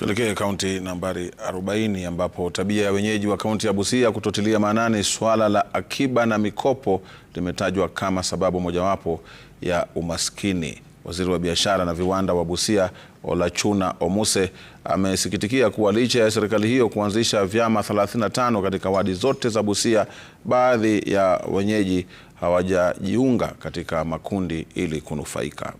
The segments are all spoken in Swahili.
Tuelekee kaunti nambari 40 ambapo tabia ya wenyeji wa kaunti ya Busia kutotilia maanani swala la akiba na mikopo limetajwa kama sababu mojawapo ya umaskini. Waziri wa biashara na viwanda wa Busia, Olachuna Omuse, amesikitikia kuwa licha ya serikali hiyo kuanzisha vyama 35 katika wadi zote za Busia, baadhi ya wenyeji hawajajiunga katika makundi ili kunufaika.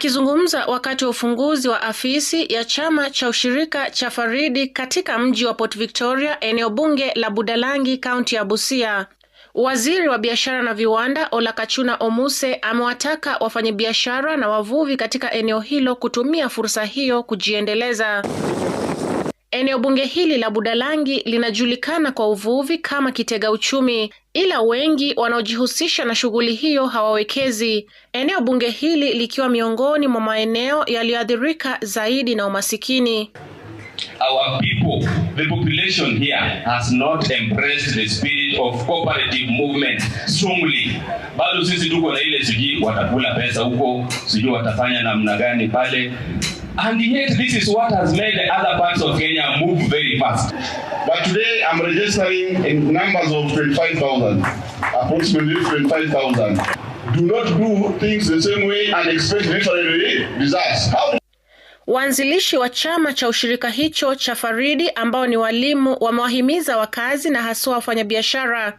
Akizungumza wakati wa ufunguzi wa afisi ya chama cha ushirika cha Faridi katika mji wa Port Victoria, eneo bunge la Budalangi, kaunti ya Busia, waziri wa biashara na viwanda Olakachuna Omuse amewataka wafanyabiashara na wavuvi katika eneo hilo kutumia fursa hiyo kujiendeleza. Eneo bunge hili la Budalangi linajulikana kwa uvuvi kama kitega uchumi, ila wengi wanaojihusisha na shughuli hiyo hawawekezi. Eneo bunge hili likiwa miongoni mwa maeneo yaliyoathirika zaidi na umasikini. Our people, the population here has not embraced the spirit of cooperative movement strongly. Bado sisi tuko na ile sijui watakula pesa huko, sijui watafanya namna gani pale And yet, this is what has made the other parts of Kenya move very fast. But today, I'm registering in numbers of 25,000, approximately 25,000. Do not do things the same way and expect literally results. How Waanzilishi wa chama cha ushirika hicho cha Faridi ambao ni walimu wamewahimiza wakazi na haswa wafanyabiashara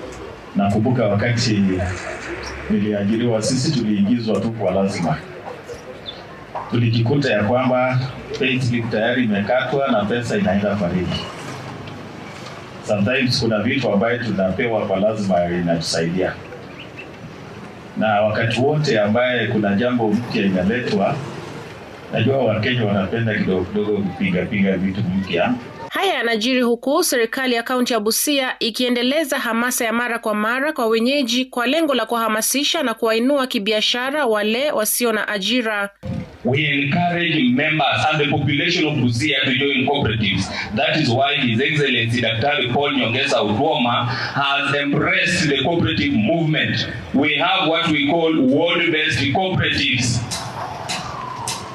Nakumbuka wakati niliajiriwa, sisi tuliingizwa tu kwa lazima. Tulijikuta ya kwamba tayari imekatwa na pesa inaenda fariki. Sometimes kuna vitu ambayo tunapewa kwa lazima inatusaidia, na wakati wote ambaye kuna jambo mpya inaletwa, najua Wakenya wanapenda kidogo kidogo kupingapinga vitu mpya Haya yanajiri huku serikali ya kaunti ya Busia ikiendeleza hamasa ya mara kwa mara kwa wenyeji kwa lengo la kuwahamasisha na kuwainua kibiashara wale wasio na ajira. We encourage members and the population of Busia to join cooperatives. That is why His Excellency Paul Nyongesa has embraced the cooperative movement. We have what we call world cooperatives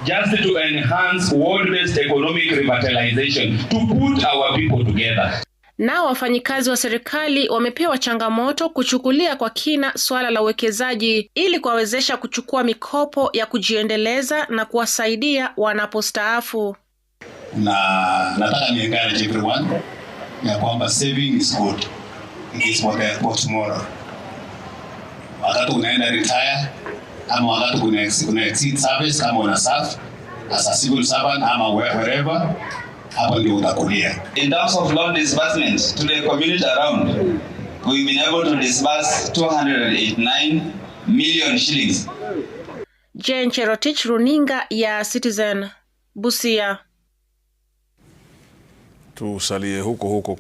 just to enhance world-based economic revitalization to put our people together. Nao wafanyikazi wa serikali wamepewa changamoto kuchukulia kwa kina suala la uwekezaji ili kuwawezesha kuchukua mikopo ya kujiendeleza na kuwasaidia wanapostaafu. Na nataka ni encourage everyone ya kwamba saving is good, it is what I got tomorrow. Wakati unaenda retire ama wakati una exit service ama una serve as a civil servant ama wherever, hapo ndio utakulia. In terms of loan disbursement to the community around, we've been able to disburse 289 million shillings. Jane Cherotich, runinga ya Citizen, Busia. Tusalie huko huko.